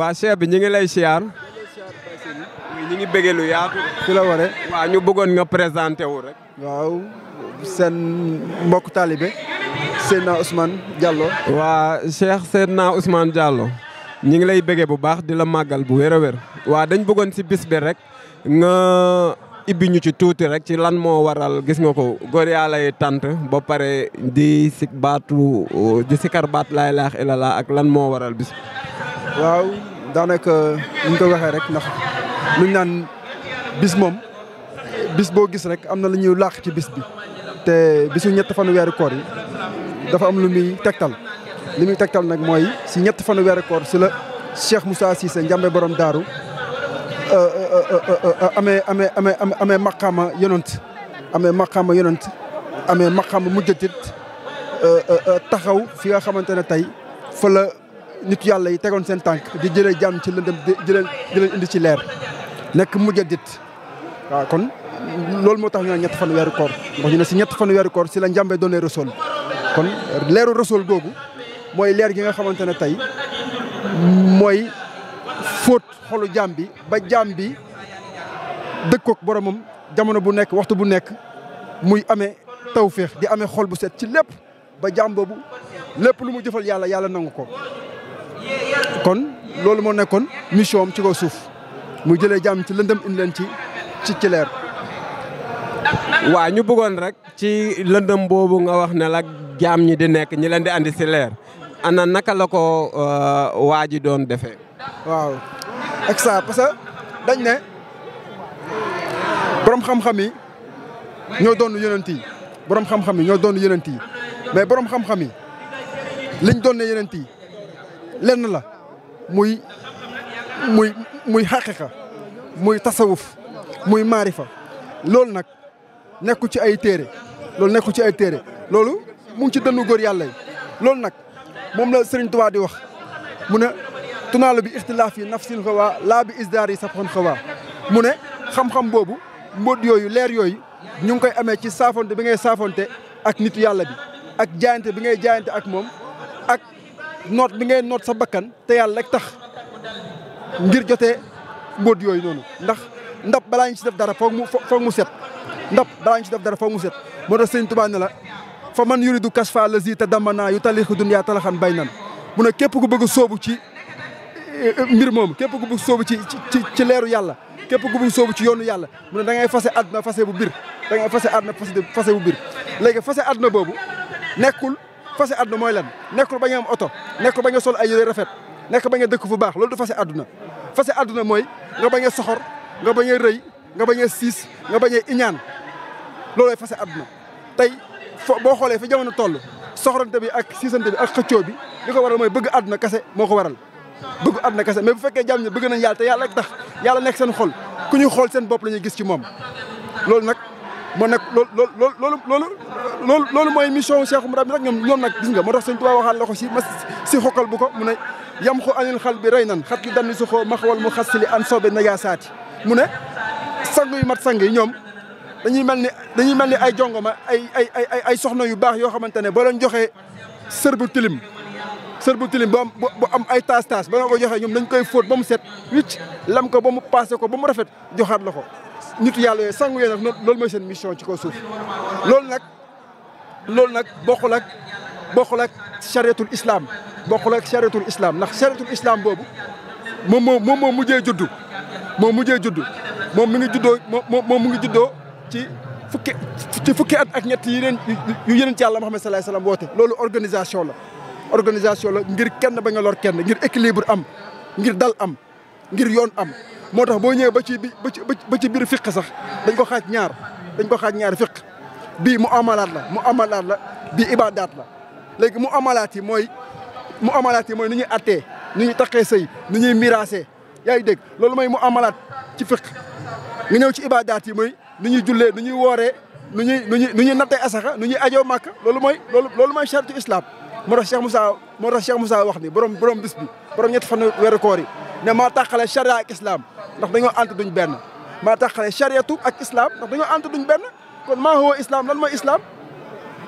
waa chef bi ñu ngi lay siyaar. ñu ngi bëggee lu yaatu. ci la waree. waa ñu bëggoon nga présenté wu rek. waaw seen mbokk taalibe Seydina Ousmane Diallo. waa Cheikh Seydina Ousmane Diallo. ñu ngi lay bëggee bu baax di la màggal bu wér a wér. waa dañ bëggoon si bis bi rek nga ibiñu ci tuuti rek ci lan moo waral gis nga ko góor yaa tant ba pare di si baatu sikar baat lay laax ilala ak lan moo waral bis. waaw. daanaka ni ñu ko waxee rek ndax lu naan bis moom bis boo gis rek am na lu ñuy laax ci bis bi. te bisu ñett fanu weeru koor yi dafa am lu muy tegtal li muy tegtal nag mooy si ñett fanu weeru koor si la Cheikh Moussa Cissé Njambe borom daaru euh, euh, euh, amee amee ame amee maqaama yonant amee maqaama yonant amee maqaama mujjatit taxaw fi nga xamante ne tey nit yàlla yi tegoon seen tànk di jëlee jàmm ci lëndëm di leen indi ci leer nekk mujjadit waaw kon loolu moo tax ñu naan ñett fan weeru koor ndax ñu ne si ñett fan weeru koor si la njàmbe doonee rasool kon leeru rasool googu mooy leer gi nga xamante ne tey mooy fóot xolu jaam bi ba jaam bi dëkkook boromam jamono bu nekk waxtu bu nekk muy amee tawféex di amee xol bu set ci lépp ba jaam lépp lu mu jëfal yàlla yàlla nangu ko kon loolu moo nekkoon mission am ci kaw suuf mu jëlee jàmm ci lëndëm indi leen ci ci ci leer. waaw ñu bëggoon rek ci lëndëm boobu nga wax ne la jaam ñi di nekk ñi leen di andi si leer ana naka la ko euh, waa ji doon defee. waaw exa parce que dañ ne borom xam-xam yi ñoo doon yonent yi borom xam-xam ñoo doon yonent yi mais borom xam-xam yi liñ doon ne yonent yi lenn la muy muy muy xaqiqa muy tasawuf muy maarifa loolu nag nekku ci ay téere loolu nekku ci ay téere loolu mu ci dënnu góor yàlla loolu nag moom la Sëriñ Tuubaa di wax mu ne tunaalu bi ixtilaaf yi nafsil xawaa laa bi isdaar yi safoon xawaa mu ne xam-xam boobu mbóot yooyu leer yooyu ñu ngi koy amee ci saafonte bi ngay saafonte ak nit yàlla bi ak jaayante bi ngay jaayante ak moom noot bi ngay noot sa bakkan te yàlla rek tax ngir jote mbóot yooyu noonu ndax ndab balaa ñu ci def dara foog mu foog mu set ndab balaa ñu ci dara foog mu set moo tax sëñ Tuubaa ne la fa man yuridu kasfa lazi te damana yu talixi dunyaa talaxan bay nan mu a képp ku bëgg soobu ci eh, eh, mbir moom képp ku bëgg soobu ci ci ci leeru yàlla képp ku bëgg soobu ci yoonu yàlla mu ne da ngay fase àdduna fase bu bir da ngay fase àdduna fase bu bir léegi fase àdduna boobu nekkul fase àdduna mooy lan nekkul ba nga am oto nekkul ba nga sol ay yére rafet nekk ba nga dëkk fu baax loolu du fase àdduna fase àdduna mooy nga bañ a soxor nga bañ a rëy nga bañ a siis nga bañ a iñaan loolooy fase àdduna tey fo boo xoolee fi jamono toll soxorante bi ak siisante bi ak xëccoo bi li ko waral mooy bëgg àdduna kese moo ko waral bëgg àdduna kese mais bu fekkee jàmm ñi bëgg nañ yàlla te yàlla ak tax yàlla nekk seen xol ku ñu xool seen bopp la ñuy gis ci moom moo nekk loolu loolu loolu loolu loolu loolu mooy mission Cheikhoul Khadim rek ñoom ñoom nag gis nga moo tax sëñ Tuubaa waxaat la si mas si xokkal bu ko mu ne yam xo anil xal bi rey nan xat li dann su xoo maxawal mu xas li an soobe na yaa saati mu ne sang yu mat sang yi ñoom dañuy mel ni dañuy mel ni ay jongoma ay ay ay ay soxna yu baax yoo xamante ne boo leen joxee sër bu tilim sër bu tilim bu am bu am ay taas taas ba nga ko joxee ñoom dañ koy fóot ba mu set wicc lam ko ba mu passé ko ba mu rafet joxaat la ko nit yàlla yooyu sangu yooyu nag loolu mooy seen mission ci kaw suuf loolu nag loolu nag bokkul ak bokkul ak chariatul islam bokkul ak chariatul islaam ndax chariatul islam boobu moom moo moom moo mujjee juddu moom mujjee juddu moom mi ngi juddoo moom mu ngi juddoo ci fukki ci fukki at ak ñett yi yu yeneen ci yàlla Muhammad sallallahu alayhi wa sallam woote loolu organisation la organisation la ngir kenn ba nga lor kenn ngir équilibre am ngir dal am ngir yoon am moo tax boo ñëwee ba ci ba ci biir fiq sax dañ ko xaaj ñaar dañ ko xaaj ñaar fiq bii mu amalaat la mu amalaat la bii ibadaat la léegi mu amalaat yi mooy mu amalaat yi mooy ni ñuy attee ni ñuy taqee sëy ni ñuy miraasee yaa ngi dégg loolu moy mu amalaat ci fiq nga ñëw ci ibadaat yi mooy nu ñuy jullee ni ñuy wooree nu ñuy nu ñuy nu ñuy nattee nu ñuy ajoo màkka loolu mooy loolu loolu mooy charitu islam moo tax Cheikh Moussa moo tax Cheikh Moussa wax ni borom borom bis bi borom ñett fan weeru koor yi ne maa taxale charia ak islam ndax dañoo ànd duñ benn maa taxale chariatu ak islam ndax dañoo ànd duñ benn kon maa huwa islam lan moo islam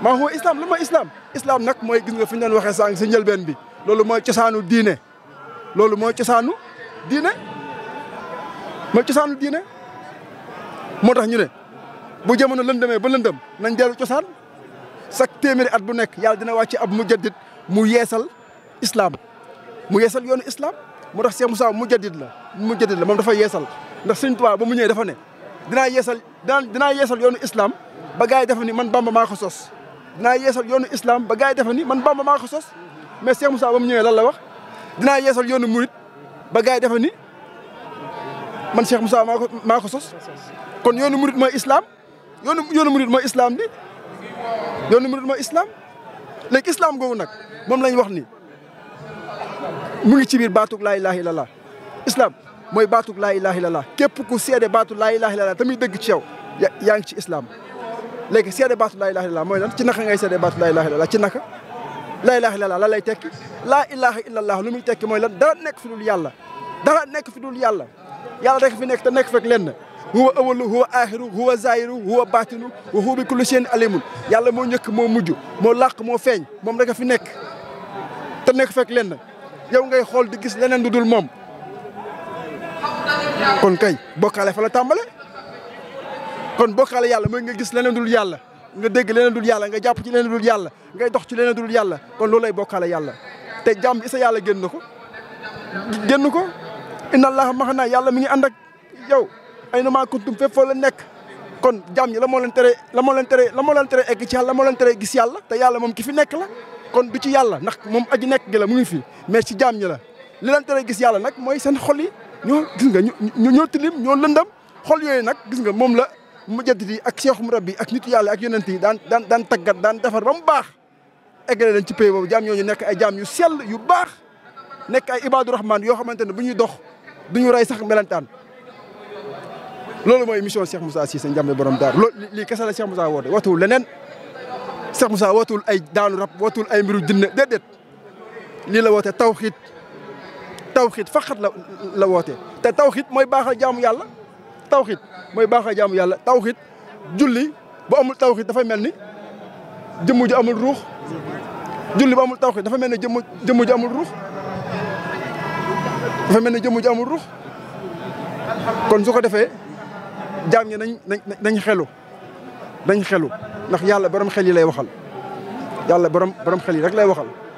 maa huwa islam lan mooy islam islaam nag mooy gis nga fi ñu doon waxee sànq si njëlbeen bi loolu mooy cosaanu diine loolu mooy cosaanu diine mooy cosaanu diine moo tax ñu ne bu jamono lëndëmee ba lëndëm nañ dellu cosaan chaque téeméeri at bu nekk yàlla dina wàcc ab mujaddid mu yeesal islaam mu yeesal yoonu islam moo tax Cheikh Moussa mu jadid la mu jadid la moom dafa yeesal ndax Sëñ Tuubaa ba mu ñëwee dafa ne dinaa yeesal dinaa dinaa yeesal yoonu islaam ba gars yi defe ni man Bamba maa ko sos dinaa yeesal yoonu islaam ba gars yi defe ni man Bamba maa ko sos mais Cheikh Moussa ba mu ñëwee lan la wax dinaa yeesal yoonu murit ba gars yi defe ni man Cheikh Moussa maa ko maa kon yoonu murit mooy islam yoonu yoonu murit mooy islaam bi yoonu murit mooy islam léegi googu nag moom lañ wax ni mu ngi ci biir baatug laa ilaha illallah islam mooy baatug laa ilaha illallah képp ku seede baatu laa ilaha illallah tamit dëgg ci yow yaa ngi ci islaam léegi seede baatu laa ilaha illallah mooy lan ci naka ngay seede baatu laa ilaha illallah ci naka laa ilaha illallah lan lay tekki laa ilaha illallah lu muy tekki mooy lan dara nekk fi dul yàlla dara nekk fi dul yàlla yàlla rek fi nekk te nekk fekk lenn huwa awalu huwa aaxiru huwa zaayiru huwa baat wa huwa bi kulli shay'in alimun yàlla moo njëkk moo mujj moo làq moo feeñ moom rek a fi nekk te nekk fekk lenn yow ngay xool di gis leneen du dul moom kon kay bokkaale fa la tàmbale kon bokkaale yàlla mooy nga gis leneen dul yàlla nga dégg leneen dul yàlla nga jàpp ci leneen dul yàlla ngay dox ci leneen dul yàlla kon loolu lay bokkaale yàlla te jàmm bi isa yàlla génn na ko génn ko inna allaha maxanaa yàlla mi ngi ànd ak yow ay na maa kuntum fépp foo la nekk kon jam yi la moo leen tere la moo leen tere la moo leen tere egg ci yàlla la moo gis yàlla te yàlla moom ki fi nekk la kon bi ci yàlla ndax moom aji nekk gi la mu ngi fi mais ci jaam ñi la li leen tere gis yàlla nag mooy seen xol yi ñoo gis nga ñoo tilim ñoo lëndam xol yooyu nag gis nga moom la mu jënd di ak seexum rab bi ak nitu yàlla ak yonent yi daan daan daan taggat daan defar ba mu baax. eggale leen ci pay boobu jaam ñooñu nekk ay jaam yu sel yu baax nekk ay ibaadu rahmaan yoo xamante ne bu ñuy dox du ñu rey sax melentaan. loolu mooy mission Cheikh Moussa Cissé Ndiamé borom daar loolu lii leneen. Cheikh Moussa wootul ay daanu rab wootul ay mbiru jinne déedéet lii la woote tawxiit tawxiit faqat la la woote te tawxiit mooy baaxal jaamu yàlla tawxiit mooy baaxal jaamu yàlla tawxiit julli bu amul tawxiit dafa mel ni jëmm ju amul ruux julli bu amul tawxiit dafa mel ni jëmm jëmm ju amul ruux dafa mel ni jëmm ju amul ruux kon su ko defee jaam ñi nañ nañ xelu nañ xelu ndax yàlla borom xel yi lay waxal yàlla borom borom xel yi rek lay waxal